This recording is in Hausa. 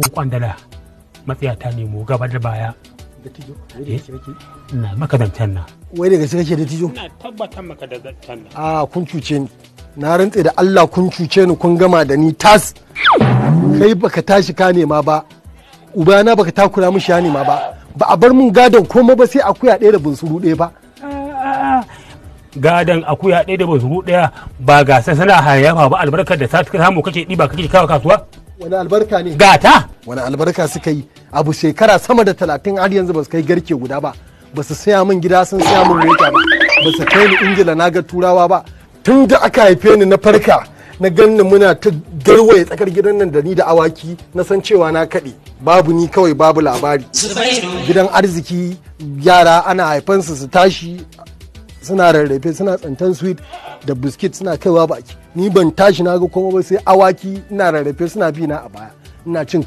ko kwandala matsaya ta nemo gaba da baya na makarantar na wai daga eh? gaske kake da tijo na tabbatar maka da na a ah, kun cuce ni na rantse da Allah kun cuce ni kun gama da ni tas kai baka tashi ka nema ba ubana baka takura shi ya nema ba ba a bar mun gadon komai ba sai akuya ɗaya da bunsuru ɗaya ba gadon akuya ɗaya da bunsuru ɗaya ba gasa sana hayama ba albarkar da ta samu kake ɗiba kake kawo kasuwa wani albarka ne gata wani albarka suka yi abu shekara sama da talatin har yanzu ba su kai garke guda ba ba su saya min gida sun saya min mota ba ba su kai ni ingila na ga turawa ba tun da aka haife ni na farka na ganni muna ta garwaye tsakar gidan nan da ni da awaki na san cewa na kaɗe babu ni kawai babu labari gidan arziki yara ana haifansu su tashi suna rarrafe suna tsantan sweet da biskit suna kaiwa baki ni ban tashi na ga kuma ba sai awaki ina rarrafe suna bi na a baya ina cin